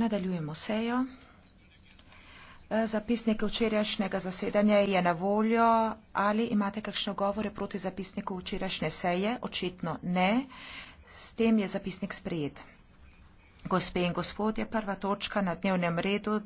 Nadaljujemo sejo. E, zapisnik včerajšnjega zasedanja je na voljo. Ali imate kakšne govore proti zapisniku včerajšnje seje? Očitno ne. S tem je zapisnik sprejet. Gospe in gospodje, prva točka na dnevnem redu.